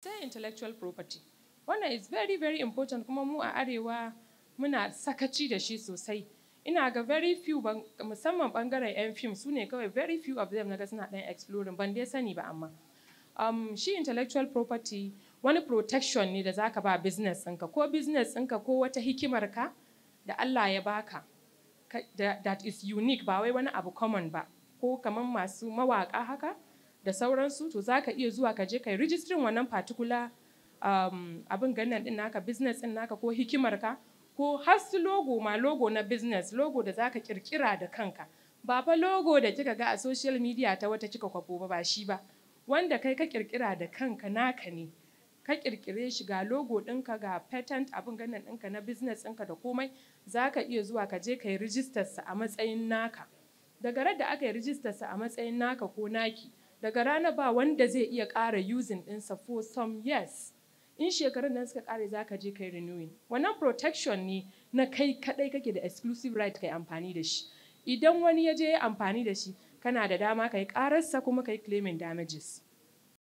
sai intellectual property wannan is very very important kuma mu a arewa muna sakaci da shi sosai ina ga very few musamman bangaren yan fim su ne kawai very few of them naga suna ɗan exploring ban dai sani ba amma um, shi intellectual property wani protection ne da zaka ba business ɗinka ko business ɗinka ko wata hikimar ka da Allah ya baka that is unique ba wai wani abu common ba ko kamar masu mawaka haka da sauransu to za ka iya zuwa ka je kai rijistirin wannan particular um, abin ganin din naka business din naka ko hikimar ka ko har su logo ma logo na business logo da zaka kirkira da kanka ba fa logo da kika ga a social media ta wata kika kwabo ba ba shi ba wanda kai ka kirkira da kanka naka ne ka kirkire shi ga logo ɗinka ga patent abin ganin ɗinka na business ɗinka da komai za ka iya zuwa ka je ka yi rijistarsa a matsayin naka daga da aka yi rijistarsa a matsayin naka ko naki daga rana ba wanda zai iya ƙara using ɗinsa for some years in shekarun nan suka ƙare za ka je kai renewing wannan protection ne na kai kaɗai kake da exclusive right kai amfani da shi idan wani ya je amfani da shi kana da dama kai ƙararsa kuma kai claiming damages